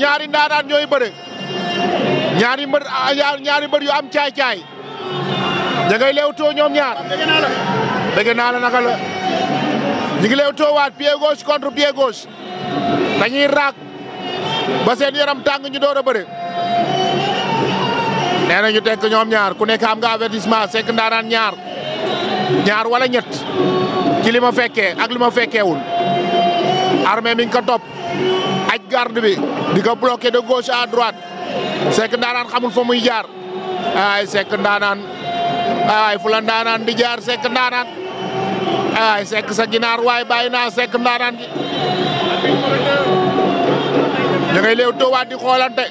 ñaari ndaanaan ñooy bëre ñaari mbër ah, ñaari mbër yu am caay-caay da ngay leewtoo ñoom ñaar dégg naa la naka la ñu ngi leewtoo waat pied gauche contre pied gauche dañuy raak ba seen yaram tàng ñi door a bëre nee na ñu tekk ñoom ñaar ku nekk am nga avertissement sekk ndaanaan ñaar ñaar wala ñett ci li ma fekkee ak li ma fekkeewul armée mi ngi ko topp aj garde bi di ko bloqué de gauche à droite Seck ndaanaan xamul fa muy jaar ay Seck ndaanaan ay fu ndaanaan di jaar Seck ndaanaan ay Seck sa ginaar waay bàyyi naa sek ndaanaan gi ñu ngay léew toowaat di xoolante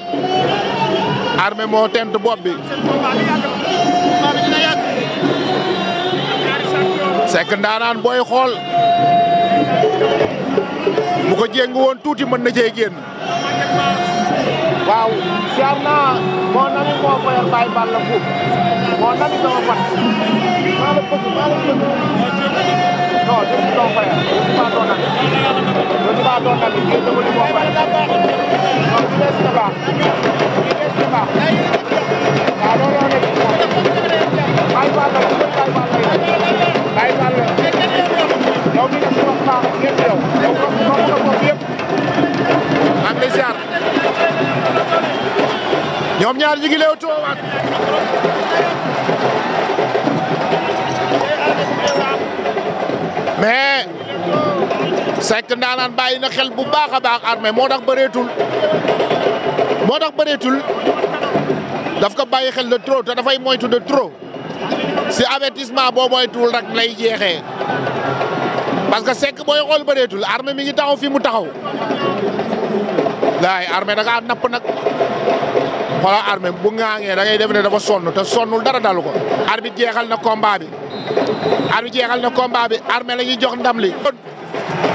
armé moo tent bopp bi Seck ndaanaan booy xool bu ko jéngu woon tuuti mën na cee génn waaw am na mon ami moo koyal Baye Balla Mboup mon ami sama bat maa la bëgg maa la bëgg non je suis ton frère je suis pas ton ami je suis pas ton ami Dieu te voulait mon frère non tu laisses le bas tu laisses le bas waaw loolu la nekk Baye Balla la Baye Balla Baye Balla yow mi nga si wax baax yëpp yow yow ko ko ko yëpp ak les ñoom ñaar ñi ngi leew toowaat mais Seck ndaanaan bàyyi na xel bu baax a baax armée moo tax bareetul moo tax bareetul daf ko bàyyi xel de trop dafay moytu de trop si avertissement boo moytuwul rek lay jeexee parce que Seck booy xool bëreetul armée mi ngi taxaw fi mu taxaw laay armée da ngaa napp nag. xoolal armée bu ŋaangee da ngay def ne dafa sonn te sonnul dara dalu ko. arbitre jeexal na combat bi arbitre jeexal na combat bi armée la ñuy jox ndam li.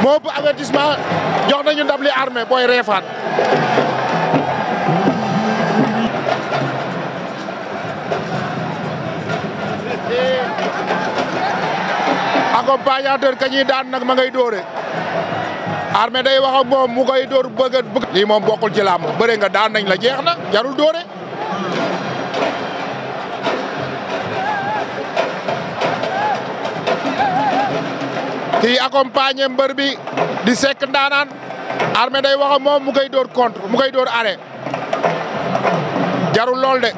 moo ëpp avertissement jox nañu ndam li armée booy reefaat. accompagnateur kañuy daan nag ma ngay doore armée day wax ak moom mu koy dóor bëgg lii moom bokkul ci làmb bëre nga daan nañ la jeex na jarul dóore. kii accompagner mbër bi di sekk ndaanaan armée day wax moom mu koy dóor contre mu koy dóor arrêt jarul lool de.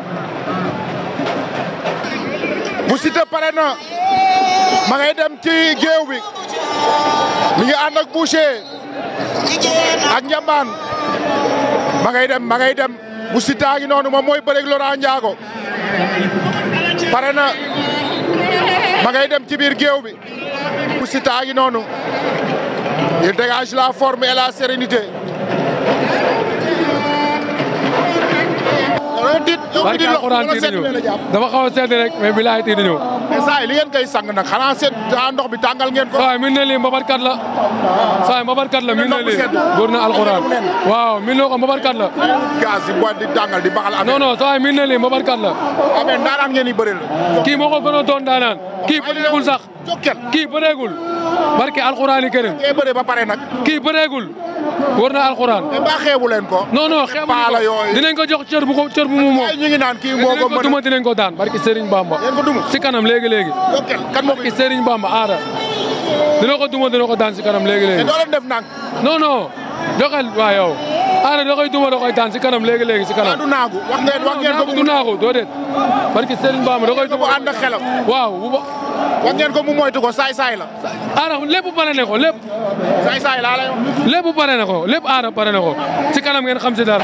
bu Siteu pare na ma ngay dem ci géew bi mi ngi ànd ak ak njambaan ma ngay dem ma ngay dem bu Siteu ngi noonu moom mooy bëreeg Laurent Ndiago pare na ma ngay dem ci biir géew bi bu Siteu ngi noonu il dégage la forme et la sérénité dafa xaw a sedd rek mais bilaay tiit nañu. mais li ngeen koy sang nag xanaa seet ah, ndox bi tàngal ngeen ko. saa yi min na lii mbabarkat la. saa yi la min na lii góor na alxuraan waaw min na ko mbabarkat la. gaz yi booy di tàngal di baxal yi min na lii mbabarkat la. amee ah, ndaanaan ngeen di bëreel. kii moo ko gën a doon ndaanaan kii bëreegul sax kii bëreegul barke alxuraan yi kii bëreegul. war na alxuraan. te mbaa xeebu leen ko. non non xeebu ko dinañ ko jox cër bu ko cër bu mu moom. ñu ngi naan kii moo ko mën duma dinañ ko daan barki Serigne Bamba. yéen ko duma si kanam léegi léegi. kan moo barki Serigne Bamba aada. dina ko duma dina ko daan si kanam léegi léegi. mais doo leen def nang. non non joxel waa yow. aada da koy duma da daan si kanam léegi léegi si kanam. Ah, du naagu wax ngeen wax ngeen ko bu du naagu waaw bu ba wax ngeen ko mu moytu ko saay saay la aada lépp ne ko lépp saay saay lépp pare ne ko lépp aada pare ne ko si kanam ngeen xam si dara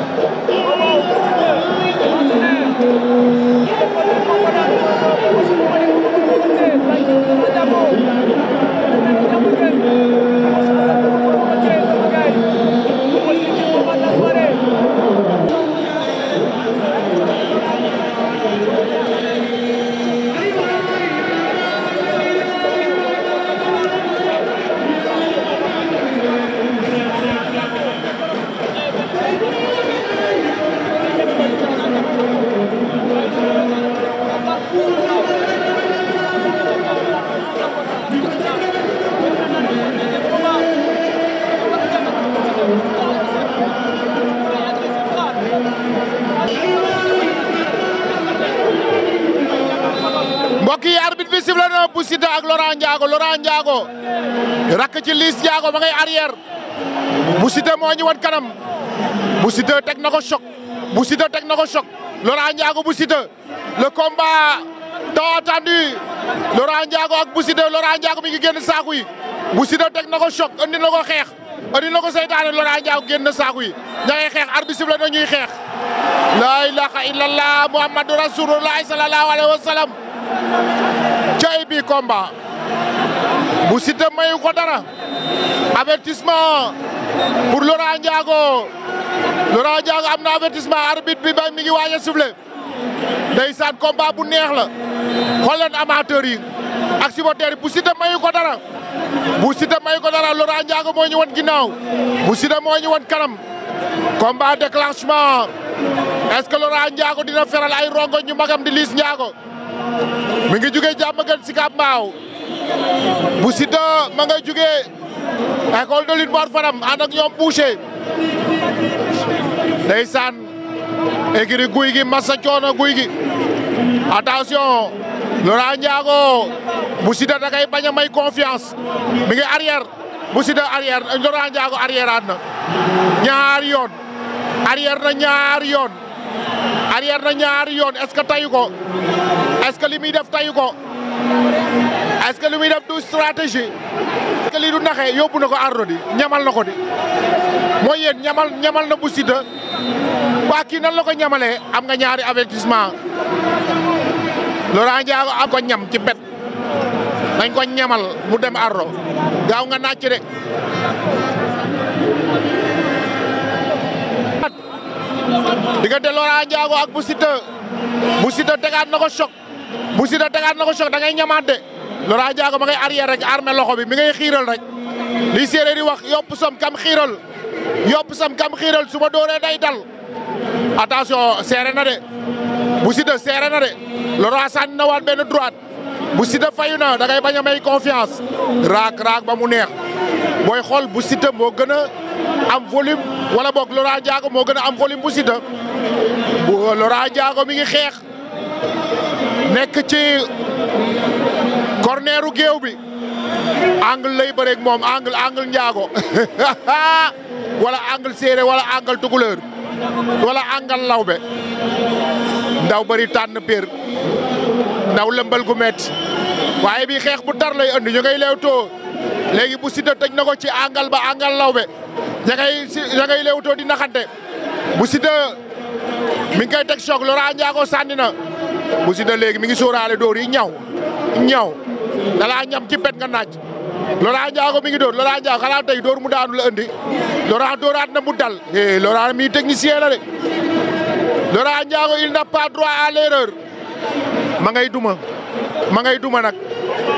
Thank you. Ndiago Laurent rakk ci liis Ndiago ba ngay arrière bu Siteu moo wan kanam bu Siteu teg na ko choc bu Siteu teg na ko choc Laurent Ndiago bu Siteu le combat tant attendu Laurent ak bu Siteu Laurent Ndiago mi ngi génn saaku yi bu Siteu teg na ko choc andi ko xeex andi na ko seytaane Laurent Ndiago génn na saaku yi ña ngay xeex arbitre siffle na ñuy xeex la ilaha illallah muhammadu rasulullah sallallahu alayhi wa sallam bi combat bu Siteu mayu ko dara avertissement pour Laurent Ndiago Laurent Ndiago am na avertissement arbitre bi ba mi ngi waaj a sifflé ndeysaan combat bu neex la xool amateur yi ak supporters yi bu Siteu mayu ko dara bu Siteu mayu ko dara Laurent Ndiago moo ñu wan ginnaaw bu Siteu moo ñu wan kanam combat déclenchement est-ce que Laurent dina feral ay rongo magam di Liss Ndiago mi ngi jugee jàmm gën si Mbaaw bu Siteu ma ngay jugee école de lutte war faram ànd ak ñoom boucher ndeysaan écurie guy gi massa coono guy gi attention Laurent Ndiago bu Siteu da kay a may confiance mi ngi arrière bu Siteu arrière Laurent Ndiago na ñaari yoon arrière na ñaari yoon arrière na ñaari yoon est que tayu ko que li def tayu est-ce que li def du stratégie est-ce que yóbbu na ko ardo di ñamal na ko mooy yéen ñamal ñamal na bu Siteu waa kii nan la ko ñamale am nga ñaari avertissement Laurent Ndiago am ko ñam ci bet dañ ko ñamal bu dem ardo gaaw nga nàcc de diggante Laurent Ndiago ak bu Siteu bu Siteu tegaat na ko choc bu Siteu tegaat na ko choc da ñamaat de Laurent Ndiago ma ngay arrière rek armé loxo bi mi ngay xiiral rek li séeréer yi wax yopp sam kam xiiral yopp sam kam xiiral su dooree day dal attention seere na de bu Siteu seere na de Laurent sànni na waat benn droite bu Siteu fayu na da ngay bañ a may raak raak ba mu neex booy xool bu Siteu moo gën a am volume wala boog Laurent Ndiago moo gën a am volume bu Siteu bu Laurent Ndiago mi ngi xeex nekk ci corneeru géew bi angle lay bëreeg moom angle angle njaago wala angle séeré wala angle tukuleur wala angle lawbe ndaw bëri tànn pér ndaw lëmbal gu metti waaye bi xeex bu tar lay andi ñu ngay leewtoo léegi bu Siteu tëj na ko ci angle ba angle lawbe ña ngay ña ngay leewtoo di naxante bu Siteu mi ngi koy teg choc Laurent Ndiago sànni na bu Siteu léegi mi ngi sóoraale dóor yi ñaw ñaw dalaa ñam ci pet nga naaj Laurent Ndiago mi ngi dóor Laurent Ndiago xanaa tey dóor mu daanu la andi Laurent dóoraat na mu dal eh Laurent mi technicien la de Laurent Ndiago il n'a pas droit à ma ngay duma ma ngay duma nag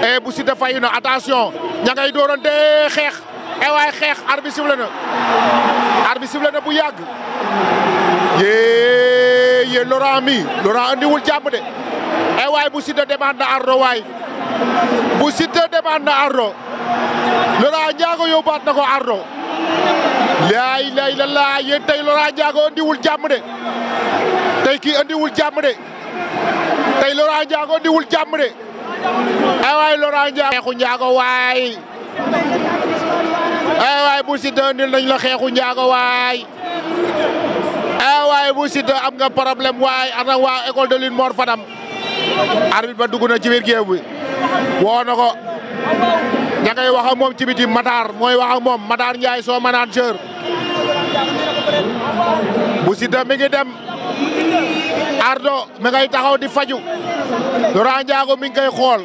e bu si dafay na attention ña ngay dóorante xeex e waay xeex arbi sifle na arbi sifle na bu yàgg yee yee Laurent mi Laurent andiwul jàmm de e waay bu si da demande na ardo waay bu Siteu demaat na Ardo Laurent Ndiago yóbbaat na ko Ardo laay lay la laa tey Laurent Ndiago andiwul jàmm de tey kii andiwul jàmm de tey Laurent Ndiago andiwul jàmm de ay waay Laurent Ndiago xeexu Ndiago waay ay waay bu Siteu andil la xeexu Ndiago waay ay waay bu Siteu am nga problème waay ana waa école de lune Mor Fadam arbitre ba dugg na ci biir géew bi woo ko ña ngay wax moom ci biti Matar mooy waxa moom Matar Ndiaye soo manager bu Siteu mi ngi dem Ardo mi ngay taxaw di faju Laurent Ndiago mi ngi koy xool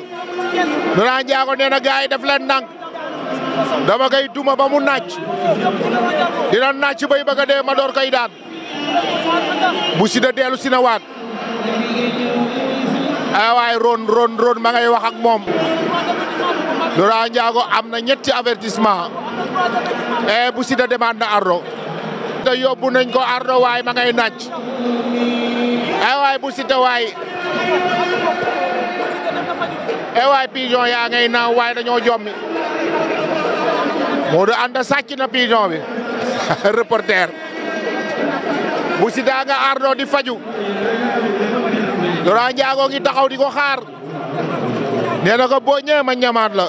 Laurent Ndiago nee na gars yi def leen ndànk dama koy duma ba mu naaj dina naaj bay bëgg a dee ma door koy daan bu Siteu dellu si na waat ay ah, waay ron ron ron ma ngay wax ak moom Laurent Ndiago am na ñetti avertissement e bu Siteu demande na Ardo te yóbbu nañ ko Ardo waay ma ngay naaj ay eh, waay bu Siteu waay e waay pigeon yaa ngay naaw waay dañoo jommi Modou Anta sàcc na pigeon bi reporter bu Siteu nga Ardo di faju Laurent Ndiago ngi taxaw di ko xaar nee na ko boo ñëwee ma ñamaat la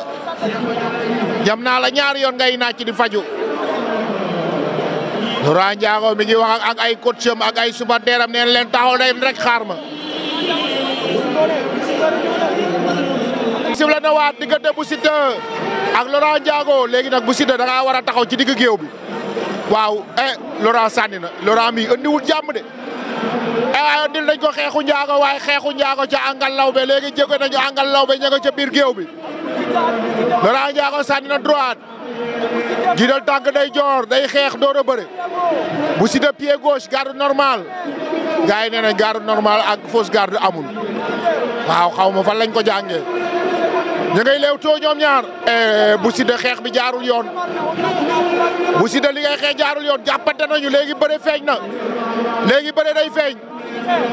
jam naa la ñaari yoon ngay nàcc di faju Laurent Ndiago mi ngi wax ak ay coacham ak ay supporter am neen leen taxaw day rek xaar ma sifle na waat diggante bu Siteu ak Laurent Ndiago léegi nag bu Siteu da ngaa war a taxaw ci digg géew bi waaw eh Laurent sànni na mi andiwul jàmm de E waaye dil nañ ko xeexu njaago waaye xeexu njaago ca àngal law be léegi jéego nañu àngal law be ña ca biir géew bi Laurent Ndiago sànni na droite jiital tànk day joor day xeex door a bëre bu si de pied gauche garde normal gars yi nee normal ak fausse garde amul waaw xawma ma fan lañ ko jàngee ñu ngay leew too ñoom ñaar eh, bu si de xeex bi jaarul yoon bu si de li ngay xeex jaarul yoon jàppante nañu léegi bëre feeñ na léegi bëre day feeñ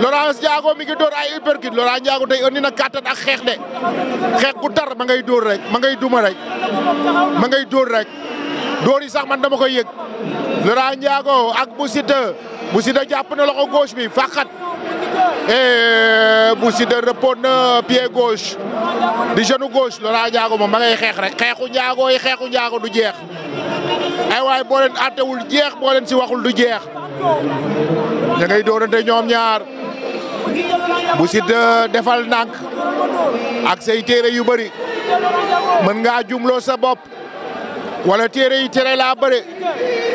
Laurent Ndiago mi ngi door ay uppercut Laurent Ndiago tey andi na kàttan ak xeex de xeex bu tar ma ngay dóor rek ma ngay duma rek ma ngay dóor rek dóor yi sax man dama koy yëg Laurent Ndiago ak bu si de jàpp na loxo gauche bi fàqat et Moussida rëppoon na pied gauche di genou gauche Laurent Ndiago moom ma ngay xeex rek xeexu Ndiago yi xeexu Ndiago du jeex ay waay boo leen àttewul jeex boo leen si waxul du jeex da ngay doonante ñoom ñaar Moussida defal ndànk ak say téere yu bari mën ngaa jumloo sa bopp wala téere yi téere laa bari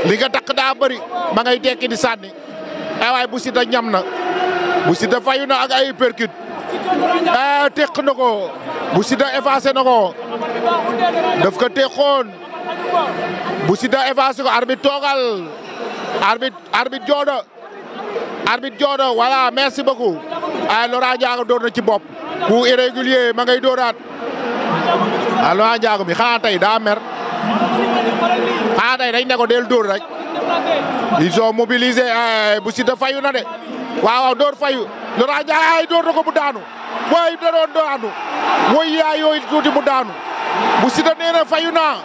li nga takk daa bari ma ngay tekki sànni ay waay Moussida ñam na bu Siteu fayu na ak ay percute a ah, teq na ko bu Siteu effacé na ko daf ko teqoon bu Siteu effacé ko arbitre toogal arbitre arbitre jooda arbitre jooda voilà merci beaucoup a ah, Laurent Ndiago door na ci bop coup irrégulier ma ngay dooraat a ah, Laurent Ndiago mi xanaa tey daa mer xanaa tey dañ ne ko del dóor rek ils ont mobilisé bu Siteu fayu na de waaw waaw door fayu Laurent Ndiaye ay door na ko mu daanu waaye da doon daanu mooy yaa yooyu tuuti bu daanu bu Siteu nee na fayu naa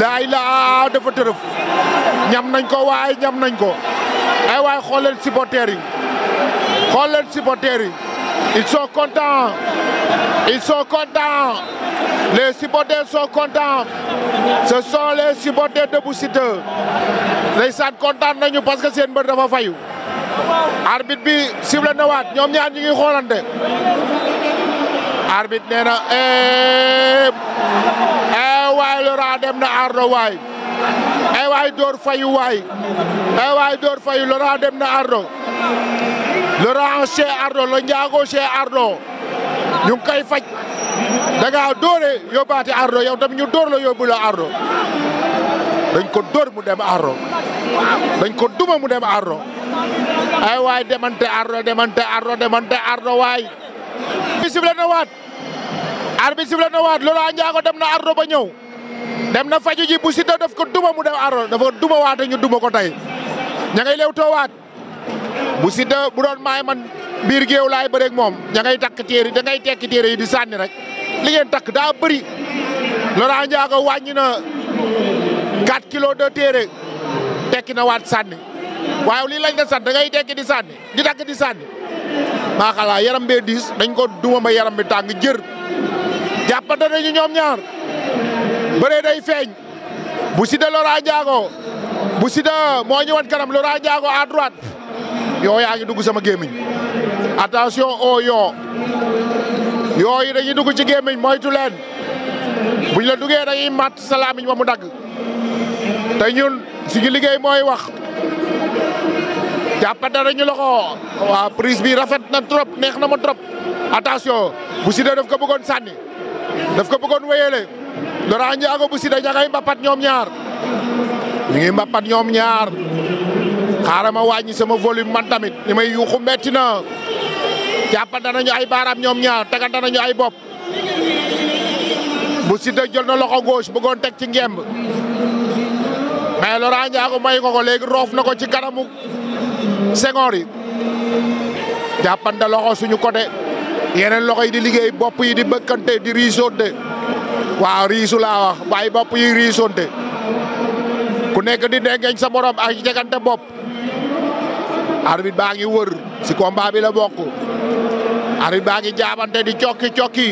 laay la dafa tërëf ñam nañ ko waaye ñam nañ ko ay waay xool leen yi xool leen yi it sont contents ils sont contents les supporters sont contents ce sont les supporters de bu Siteu ndeysaan kontaan nañu parce que seen mbër dafa fayu arbitre bi sifflé na waat ñoom ñaar ñu ngi xoolante arbitre nee na ee eh, eh, waay Laurent dem na Ardo waay ee eh, waay door fayu waay ee door fayu Laurent dem na Ardo Laurent chez Ardo la njaago ñu ngi faj daga ngaa dóore yóbbaate Ardo yow tamit ñu dóor la yóbbu la Ardo dañ ko dóor mu dem Ardo dañ ko duma mu dem Ardo ay waay demante ardo demante ardo demante ardo waay bi sifle na waat ar bi sifle na waat Laurent Ndiago dem na arro ba ñëw dem na faju ji bu Siteu ko duma mu dem ardo dafa duma waate ñu duma ko tey ña ngay lew too waat bu bu doon maay man biir géew laay bëreeg moom ña ngay takk téere da ngay tekki téere yi di sànni rek li ngeen takk daa bëri Laurent Ndiago wàññi na 4 kilos de téere tekki na waat sànni waaye lii lañ la sant da ngay tekki di sànni di dagg di sànni maa xalaa yaram bee diis dañ ko duma ba yaram bi tàng jër jàppante nañu ñoom ñaar bëree day feeñ bu Siteu Laurent Ndiago bu Siteu moo ñëwaat kanam Laurent Ndiago à droite yoo yaa dugg sama gémmiñ attention o oh, yoo yooyu dañuy dugg ci gémmiñ moytu leen buñ la duggee dañuy màtt sa làmmiñ ba mu dagg te ñun suñu liggéey mooy wax jàppante nañu loxo waaw prise bi rafet na trop neex na ma trop attention bu Siteu daf ko bëggoon sànni daf ko bëggoon wéyale Laurent Ndiago bu Siteu ña ngay ñoom ñaar ñu ngi ñoom ñaar xaaral ma wàññi sama volume man tamit li may yuuxu metti na jàppante nañu ay baaraam ñoom ñaar tegante nañu ay bopp bu Siteu jël na loxo gauche bëggoon teg ci ngemb mais Laurent Ndiago may ko ko léegi roof na ko ci kanamu Senghor yi jàppante loxo suñu côté yeneen loxo yi di liggéey bopp yi di bëkkante di riisonte waaw riisu laa wax waaye bopp yi riisonte ku nekk di dengeñ sa morom ak jegante bopp arbitre baa ngi wër si combat bi la bokk arbitre baa ngi jaabante di cokki cokki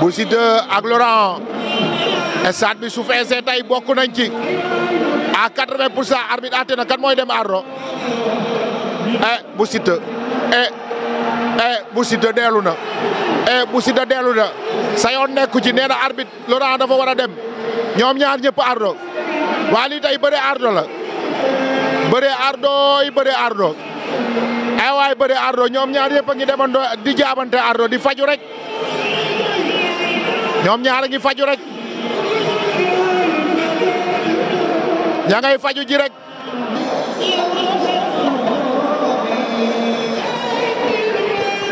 bu Siteu ak Laurent stade bi su feesee tey bokk nañ ci a à 80 pour cent arbit àtte na kan mooy dem ardo eh bu Siteu eh eh bu Siteu deelu na eh bu Siteu deelu na sa yoon nekku ci nee na arbitre Laurent dafa war a dem ñoom ñaar ñëpp ardo waa lii tey bëre ardo la bëre ardo yi bëre ardo ay eh, waay bëre ardo ñoom ñaar yëpp a ngi demandoo di jaabante ardo di faju rek ñoom ñaar faju rek ña ngay faju ji rek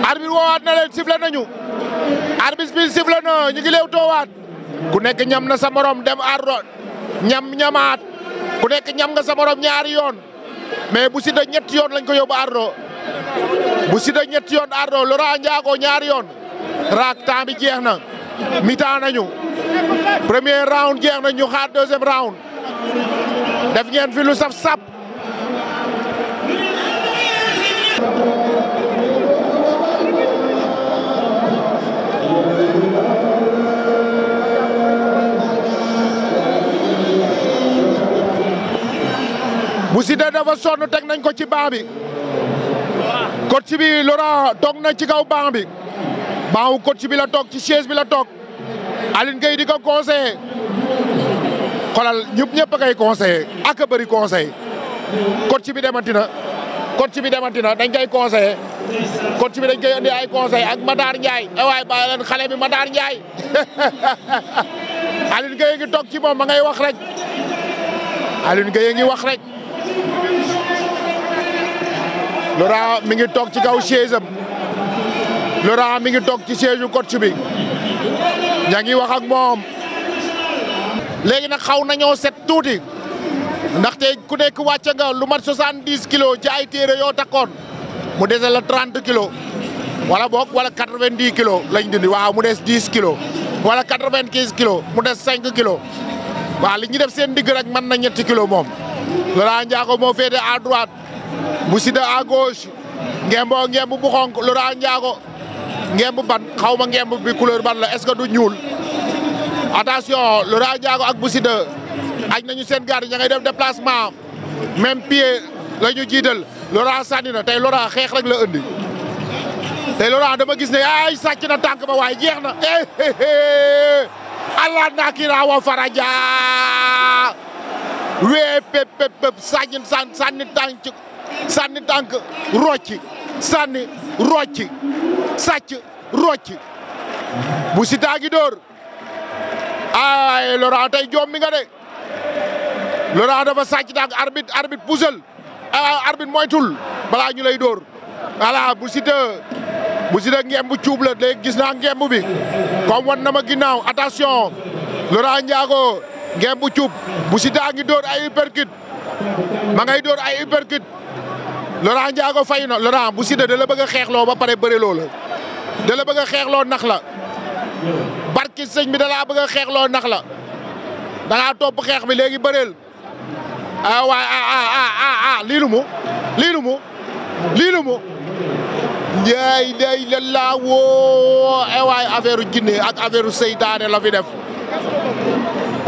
arbitre woowaat na leen sifflé nañu arbitre bi sifflé na ñu ngi toowaat ku nekk ñam na sa morom dem arro ñam ñamaat ku nekk ñam nga sa morom ñaari yoon mais bu si da ñetti yoon lañ ko yóbbu ardo bu si da ñetti yoon ardo Laurent Ndiago ñaari yoon raak temps bi jeex na mitaa nañu premier round jeex na ñu xaar deuxième round def ngeen fi lu saf sap bu Siteu dafa sonn teg nañ ko ci banc bi coach bi lora toog na ci kaw banc bi banc wu bi la toog ci chaise bi la toog Aline Gueye di ko conseillé xolal ñëpp ñëpp a koy conseillé ak a bëri conseil coach bi demanti cot coach bi demanti na dañ koy conseillé coach bi dañ koy indi ay conseil ak Matar Ndiaye eh waay bàyyi leen xale bi Matar Ndiaye Aline Gueye ngi toog ci moom ma ngay wax rek Aline Gueye ngi wax rek mi ngi toog ci kaw chaise am Laurent mi ngi toog ci chaise u coach bi ña ngi wax ak moom léegi nag xaw nañoo set tuuti ndaxte ku nekk wàcce nga lu mat 70 kilos ci ay téere yoo takkoon mu dese la 30 kilos wala boog wala 90 kilos lañ dindi waaw mu des 10 kilos wala 95 kilos mu des 5 kilos waaw li ñu def seen digg rek mën na ñetti kilos moom. Laurent Ndiago moo féete à droite mu sida à gauche ngemboo ngemb bu xonk Laurent Ndiago ngemb ban xaw ma ngemb bi couleur ban la est-ce que du ñuul. attention Laurent Ndiago ak Bou Siteu nañu seen garde ña ngay def déplacement même pied la ñu jiital Laurent sànni na tey Laurent xeex rek la ëndi tey Laurent dama gis ne ay sàcc na tànk ba waaye jeex na eh, eh, eh. allah nakira wa faraja wee pep pep pep sànni sànni tànk sànni rocci sànni rocci sàcc rocci bu Siteu ay Laurent tey joom mi nga de Laurent dafa sàcc daag arbitre arbitre puusal ah arbitre moytul balaa ñu lay dóor voilà bu Siteu bu Siteu ngemb bu cuub la léegi gis naa ngemb bi comme wan na ma ginnaaw attention Laurent Ndiago ngemb bu cuub bu Siteu a ngi dóor ay uppercut ma ngay dóor ay uppercut Laurent Ndiago fay na Laurent bu Siteu da la bëgg a ba pare bëre loo la da la nax la. barki sëñ bi dalaa bëgg a xeexloo nax la dalaa topp xeex bi léegi bëreel a ah, waay a ah, a ah, a a lii lu mu lii mu lii mu yaay day la laa woo eh, waay affaire jinne ak affaire seytaane la fi def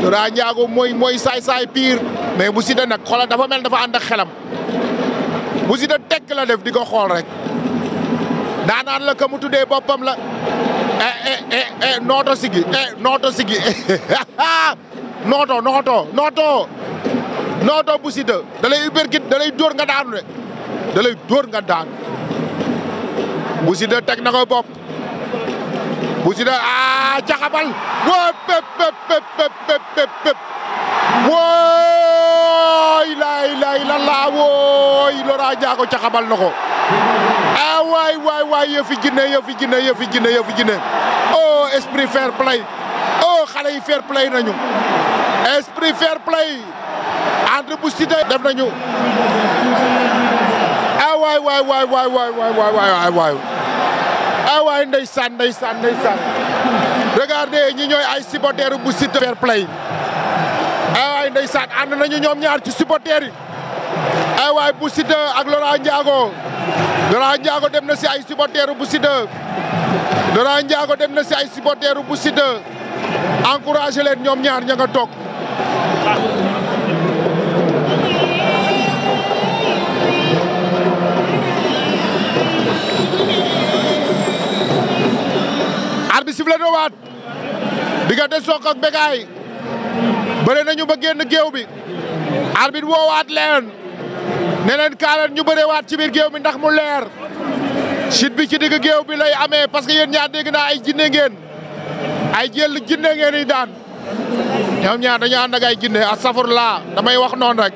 Dora Ndiago mooy mooy saay-saay pire mais bu Siteu nag xoolal dafa mel dafa ànd xelam bu Siteu tekk la def di ko xool rek daanaan la ka mu tuddee boppam la e e e nooto sigi eh, nooto sigi nooto nooto nooto nooto bu sida da lay ubergit da dóor nga daanu de da lay nga daanu bu sida teg na ko bopp bu sida a caxabal wo pep pep pep waay laa ilaaha illallaah wooy Laurent Ndiago ca xabal na ko ah waay waay waay yëfi jinne yëfi jinne yëfi jinne yëfi jinne oh esprit fair play oh xale yi fair play nañu esprit fair play entre bu Siteu def nañu ah waay waay waay waay waay waay waay waay ah waay ndeysaan ndeysaan ndeysaan regardez ñi ñooy ay supporters bu Siteu fair play ay waay ndeysaan ànd ñu ñoom ñaar ci supporter yi ay waay bu Siteu ak Laurent Ndiago Laurent Ndiago dem na si ay supporteru bu Siteu Laurent Ndiago dem na si ay supporteru bu Siteu encouragé leen ñoom ñaar ña nga toog arbitre bi siflé na waat diggante Sokh ak Bécaye bëre nañu ba génn géew bi arbitre woowaat leen ne leen ñu bëree waat ci biir géew bi ndax mu leer sit bi ci digg géew bi lay amee parce que yéen ñaar dégg naa ay jinne ngeen ay jël jinne ngeen yi daan ñoom ñaar dañu ànd ak ay jinne astafurlaa damay wax noonu rek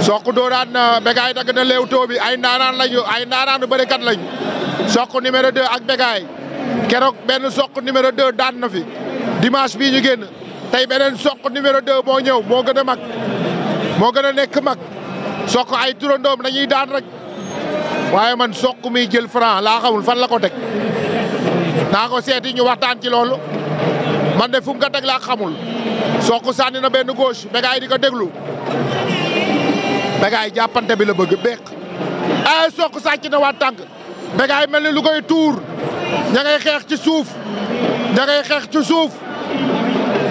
soq dooraat na Bécaye dagg na Leewtoo bi ay ndaanaan lañu ay ndaanaanu bërekat lañu soq numéro 2 ak Bécaye keroog benn soq numéro 2 daan na fi dimas bii ñu génn tey beneen soq numéro de moo ñëw moo gën a mag moo gën a nekk mag soq ay turondoom dañuy daan rek waaye man soq muy jël franc laa xamul fan la ko teg naa ko seeti ñu waxtaan ci loolu man de fu mu ko teg laa xamul soq sànni na benn gauche Bégaay di ko déglu Bégaay jàppante bi la bëgg beek ay eh, soq sàcc na waat tànk mel ni lu koy tuur ña ngay xeex ci suuf ña ngay xeex ci suuf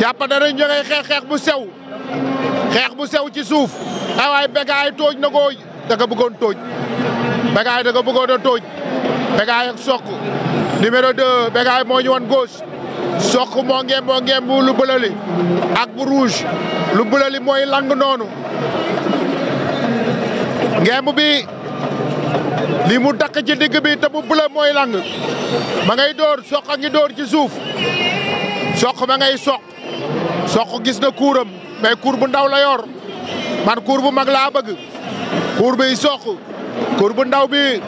jàppante nañ ñu xeex xeex bu sew xeex bu sew ci suuf ah ay waay tooj na ko da nga tooj Bécaye da nga bëggoon tooj Bécaye ak Sokh numéro 2 Bécaye moo ñu wan gauche Sokh moo ngeem moo ngeem bu lu ak bu rouge lu bëlali mooy lang noonu ngeem bi li mu dakk ci digg bi te bu bëla mooy lang ma ngay dóor Sokh a dóor ci suuf soq ma ngay soq Sokh gis na kuuram mais kuur bu ndaw la yor man kuur bu mag laa bëgg kuur bi Sokh kuur bu ndaw bi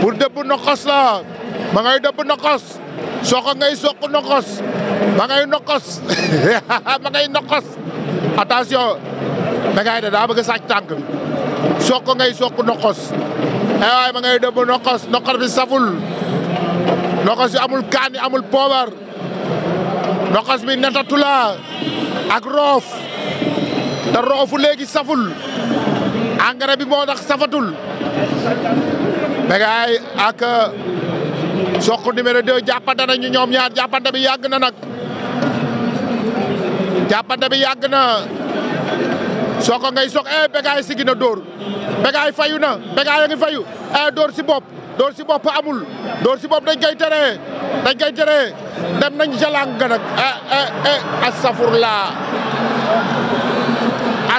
pour dëpp nokkos la ma ngay dëpp nokkos Sokh ngay Sokh nokkos ma ngay nokkos ma ngay nokkos attention ma ngay da bëgg a sàcc tànk bi ngay Sokh nokkos eh ay ngay dëpp nokkos nokkos bi saful nokkos yi amul kaani amul poobar ndoxas bi netatula ak roof te roofu léegi saful engrais bi moo tax safatul Bégaay ak uh, Sokh numéro 2 jàppante nañu ñoom ñaar jàppante bi yàgg na nag jàppante bi yàgg na Sokh ngay Sokh eh Bégaay sigi na dóor Bégaay fayu na Bégaay a ngi fayu eh dóor si bop dóor si bopp amul dóor si bopp dañ koy teree dañ koy dem nañ jalang nag ah ah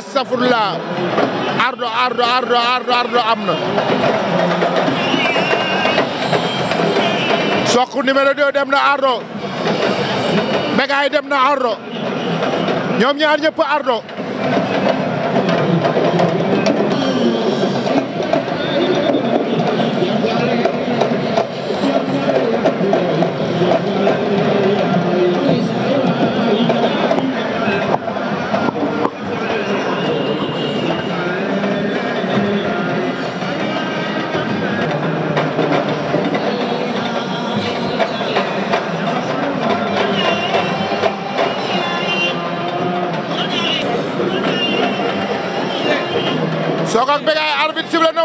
ardo ardo ardo ardo ardo am na Sokh numéro 2 dem na ardo Bégaay dem na ardo ñoom ñaar ñëpp ardo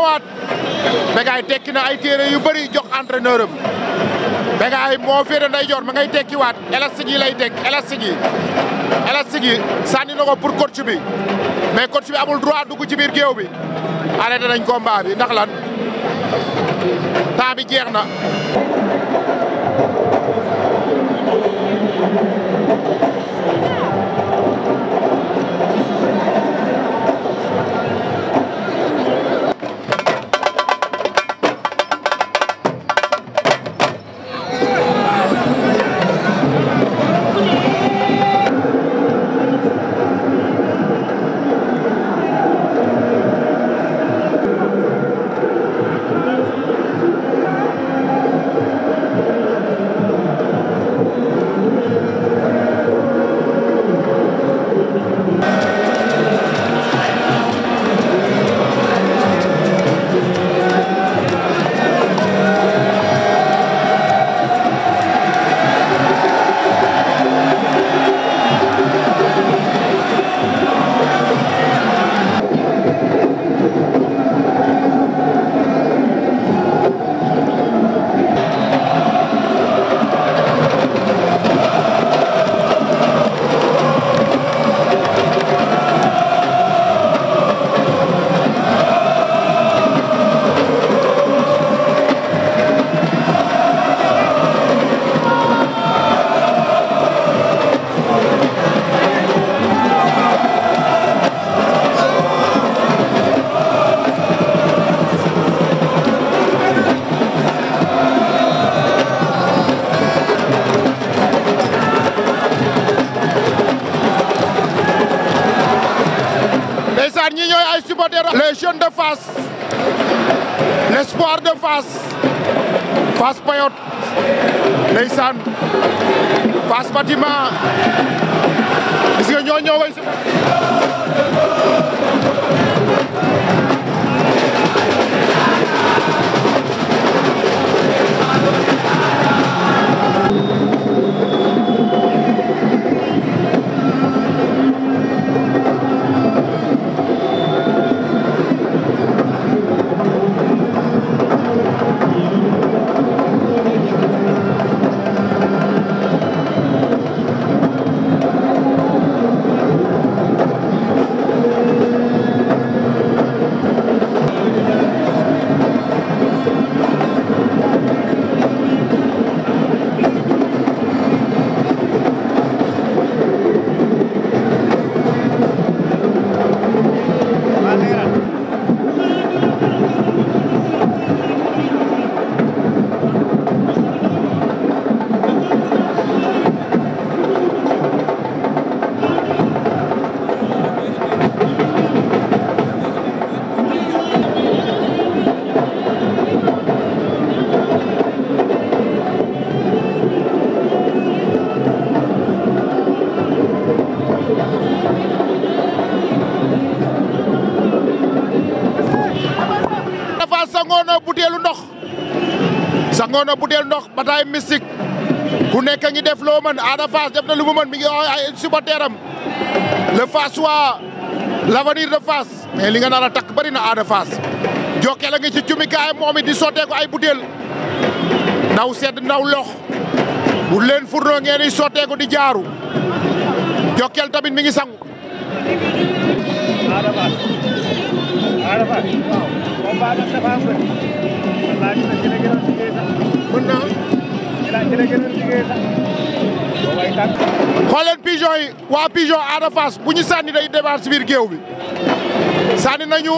ñëwaat Bégaay tekki na ay téere yu bëri jox entraîneur am Bégaay moo féete nday joor ma ngay tekkiwaat élastique yi lay tekk élastique yi élastique yi sànni na ko pour coach bi mais coach bi amul droit dugg ci biir géew bi arrêté nañ combat bi ndax lan temps bi jeex na passe Fatima gis nga ñoo ñëw way sangoo na butéel ndox bataay mystique ku nekk ngi def loo mën Ada Fass def na lu mu mën mi ngi wax ay supporters am mais li nga nar a takk bëri na Ada Fass ngi ci cumikaay moom di sotteeku ay butéel ndaw sedd ndaw lox bu leen furnoo ngeen di sotteeku di jaaru jokkeel tamit mi ngi sangu Fane Tapha Mbeur. yi waa pigeon Ada bu ñu sànni day débar si biir géew bi sànni nañu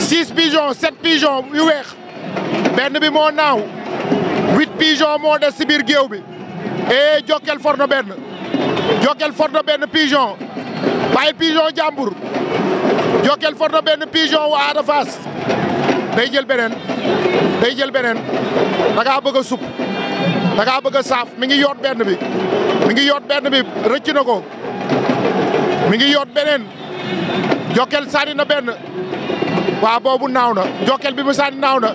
six pigeon sept pigeon yu weex benn bi moo naaw huit pigeon moo des si biir géew bi e eh, Jokal for na benn Jokal for na benn pigeon bàyyi pigeon jàmbur Jokkel for benn pigeon waa Ada Fass day jël beneen day jël beneen da ngaa bëgg a supp bëgg a saaf mi ngi yoot benn bi mi ngi yoot benn bi rëcc na ko mi ngi yoot beneen Jokkel sànni na benn waa boobu naaw na Jokkel bi mu sànni naaw na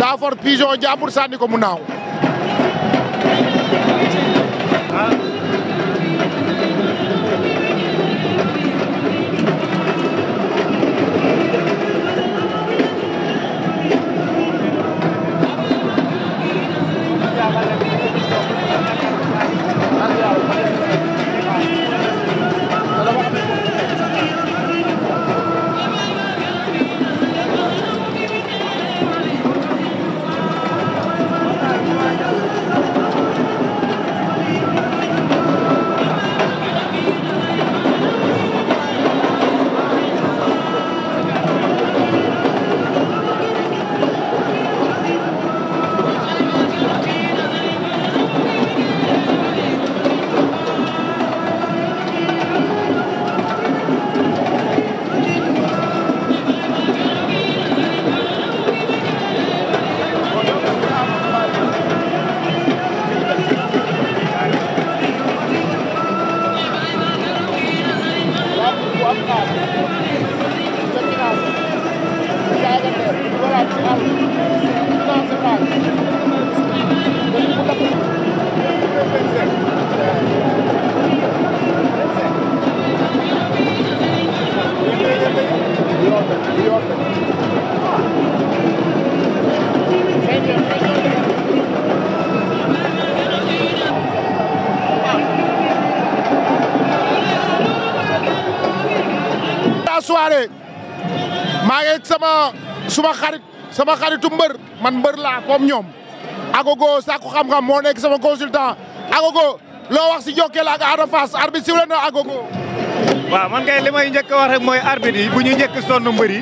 daa for pigeon jàmbur sànni ko mu naaw. waale maa ngi sama suma xarit sama xaritu mbër man mbër laa comme ñoom Agogo sàkku xam-xam moo nekk sama consultant Agogo loo wax si Jokkel ak Ada Fass arbitre siw na Agogo waaw man kay li may njëkk wax rek mooy arbitre yi bu ñu njëkk sonn mbër yi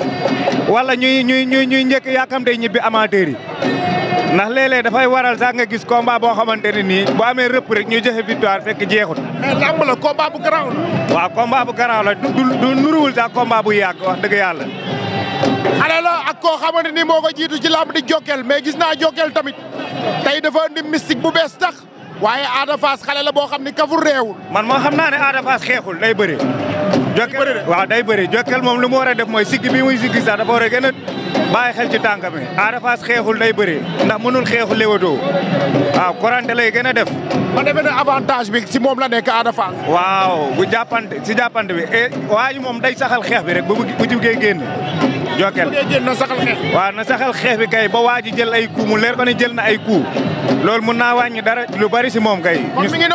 wala ñuy ñuy ñuy ñuy njëkk yaakamte ñibbi amateur yi ndax léeg-léeg dafay waral sax nga gis combat boo xamante ne nii bu amee rëpp rek ñu joxe victoire fekk jeexut. mais lamb la combat bu garaaw la. waaw combat bu garaaw du du nuruwul sax combat bu yàgg wax dëgg yàlla. xale ak koo xamante ni moo ko jiitu ci lamb di Jokkel mais gis naa Jokkel tamit tey dafa indi mystique bu bees tax waaye Ada Fass la boo xam ni kafur réewul. man moo xam naa ne xeexul lay bëri. Jokal waaw day bëri Jokal moom lu mu war a def mooy siggi bi muy siggi sax dafa war a gën a bàyyi xel ci tànk mi Ada Fass xeexul day bëri ndax mënul xeexu léwatoo waaw korante lay gën a def ma defe na avantage bi si moom la nekk Ada Fass waaw bu jàppante si jàppante bi e waaye moom day saxal xeex bi rek bu jugee génn Jokal na saxal xeex waaw na saxal xeex bi kay ba waa ji jël ay coup mu leer ko ne jël na ay coup loolu mun naa wàññi dara lu bari si moom kay mi ngi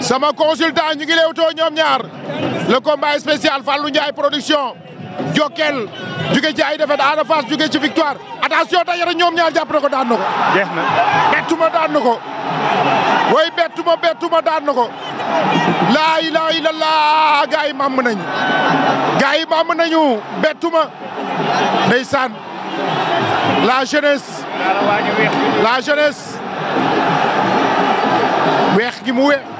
sama consultant ñu ngi leewtoo ñoom ñaar le combat spécial Fallou Ndiaye production Jokkel jóge ci ay défaite Ada Fass ci victoire attention ta yara ñoom ñaar jàpp ko daan na ko. jeex na bettuma daan na ko. way bettuma bettuma daan na ko. laa ilaha illallah gaa yi màmm nañu. gaa yi màmm nañu bettuma. ndeysaan la jeunesse. la jeunesse. weex gi mu weex.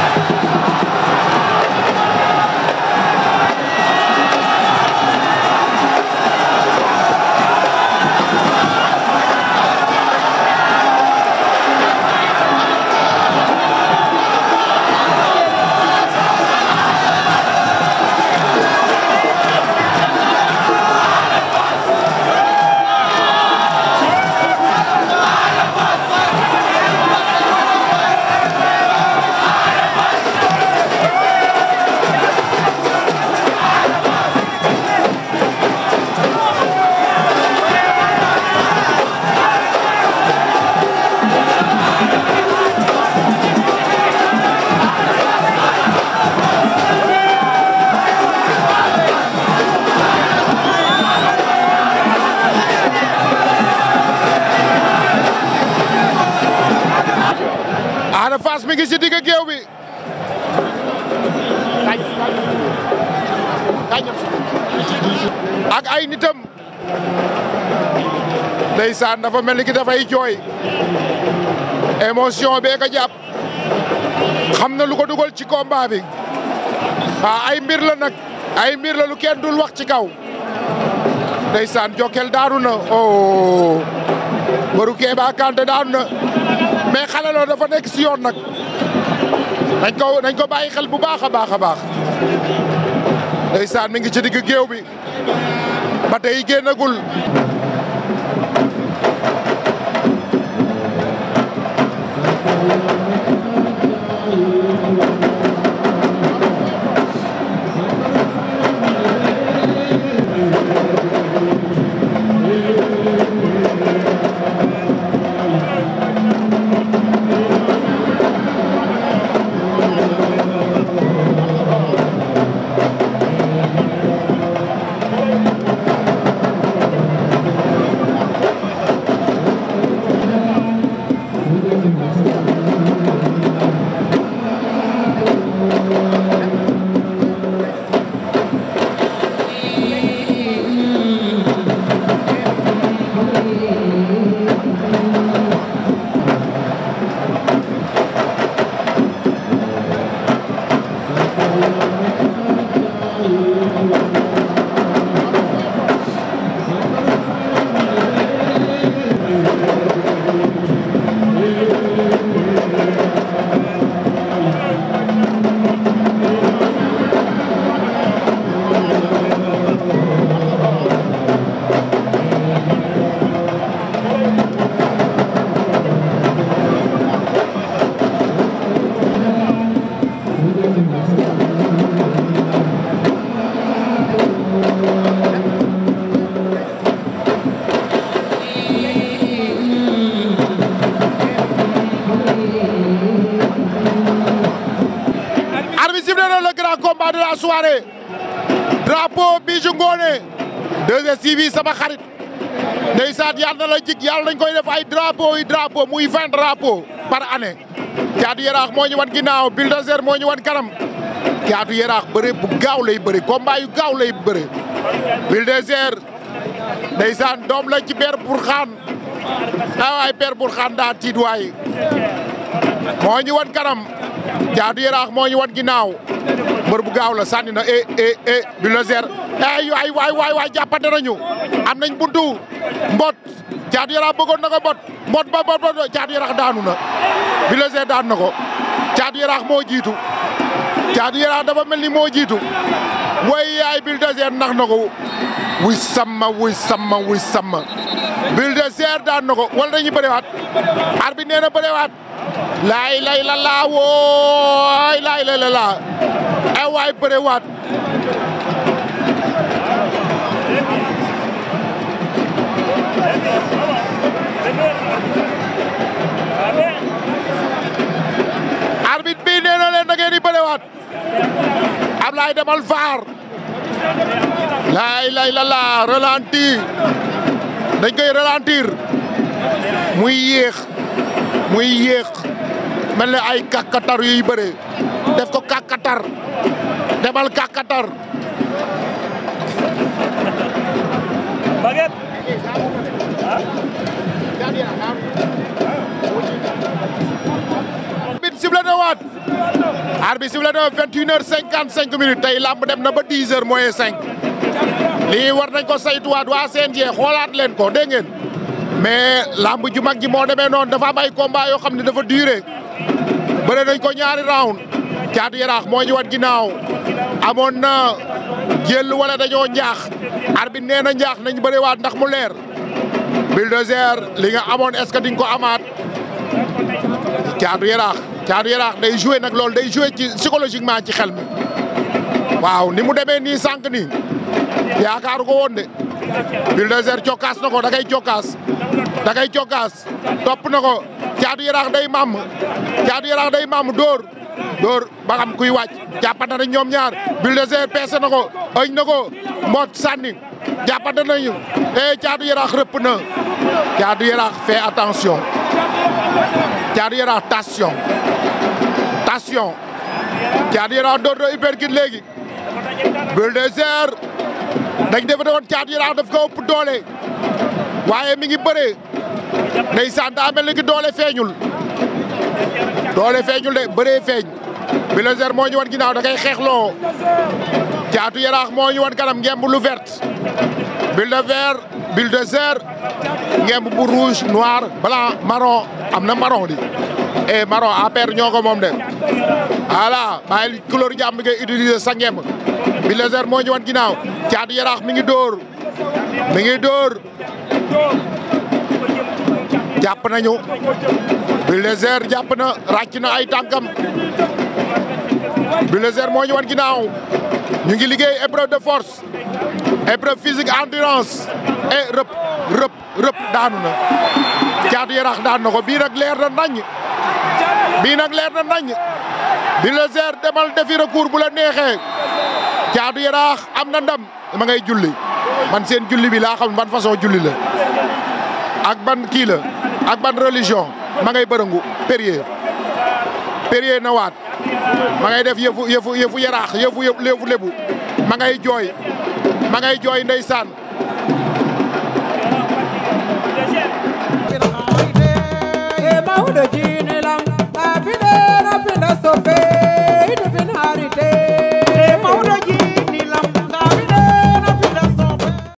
ndeysaan dafa mel ni ki dafay jooy émotion bee ko jàpp xam na lu ko dugal ci combat bi ah ay mbir la nag ay mbir la lu kenn dul wax ci kaw ndeysaan Jokal daanu na oh Mbarou Keba Kanté daanu na mais xale loolu dafa nekk si yoon nag dañ ko dañ ko bàyyi xel bu baax a baax a baax ndeysaan mi ngi ci digg géew bi ba tey génnagul. Thank you. Saare drapeau Bijou Ngoné 2STV sama xarit ndeysaan yàlla na la jig yàlla nañ koy def ay drapeau yi drapeau muy vingt drapeau par année Caatu Yaraax moo ñu wan ginnaaw Bulldozer moo ñu wan kanam Caatu Yaraax bëre bu gaaw lay bëre combat yu gaaw lay bëre Bulldozer ndeysaan doom la ci Père Bourkhane ay ah waay Père Bourkhane daa tiit waay moo ñu wan kanam Caatu Yaraax moo ñu wan ginnaaw mbër bu gaaw la sànni na e eh, e eh, e eh, Bulldozer ay waay waay waay jàppante nañu am nañ buntu mbot Caatu Yaraax bëggoon na ko mbot mbot ba mbot ba Caatu Yaraax daanu na Bulldozer daan na ko Caatu Yaraax moo jiitu Caatu Yaraax dafa mel ni moo jiitu way yaay Bulldozer nax na ko wuy sama wuy sama wuy sama Bulldozer daan na ko wala dañuy bëriwaat ar bi nee laay lay la laa wooy laay lay la laa ay waay bëre waat arbitre nee na leen da ngeen di bëre waat Ablaye demal faar laay lay la laa ralenti dañ koy ralentir muy yéex muy yéex mel ne ay kàkkatar yuy bëree def ko kàkkatar demal kàkkatar baget arbitre sifflé na waat arbitre sifflé na vingt une heures cinquante cinq minutes tey làmb dem na ba dix heures moins cinq lii war nañ ko saytuwaat waa CNG xoolaat leen ko dégg mais lamb ju mag ji moo demee noonu dafa am ay combat yoo xam ne dafa duré bëre nañ ko ñaari round caatu yaraax moo ñu wat ginnaaw amoon na jël wala dañoo njaax arbitre nee na njaax nañ bëri waat ndax mu leer Bulldozer li nga amoon est-ce que diñ ko amaat caatu yaraax caatu yaraax day joué nag loolu day joué ci psychologiquement ci xel mi waaw ni mu demee nii sànq nii yaakaaru ko woon de Bulldozer cokkaas na ko da ngay cokkaas da topp na ko caatu yaraax day maam caatu yaraax day maam door dóor ba xam kuy wàcc jàppante nañ ñoom ñaar Bulldozer na ko ëñ ko mboot sànni jàppante nañu e caatu yaraax rëpp na caatu yaraax fais attention caatu yaraax tension tension caatu yaraax dóor dañ defe woon caatu yaraax daf ko ëpp doole waaye mi ngi bëree ndeysaan daa mel ni ki doole feeñul doole feeñul de bëree feeñ Bulldozer moo ñu wan ginnaaw da kay xeexloo caatu yaraax moo ñu wan kanam ngemb lu vert Bulldozer Bulldozer ngemb bu rouge noir blanc marron am na marron di e marron APR ñoo ko moom de voilà bàyyil couleur jàmm bi ngay sa ngemb Bulldozer moo ñu wan ginnaaw Caatu Yaraax mi ngi dóor mi ngi dóor jàpp nañu Bulldozer jàpp na ràcc na ay tànkam Bulldozer moo ñu wan ginnaaw ñu ngi liggéey épreuve de force épreuve physique endurance et rëp rëpp rëpp daanu na Caatu Yaraax daan na ko bii nag leer na nañ bii nag leer na nañ Bulldozer demal defi recours bu la neexee caatu yaraax am na ndam ma ngay julli man seen julli bi laa xam ban façon julli la ak ban kii la ak ban religion ma ngay bërëngu périer périer na waat ma ngay def yëfu yëfu yëfu yaraax yëfu yëfu lebu ma ngay jooy ma ngay jooy ndeysaan Maodo jiini lam abine rapina sofe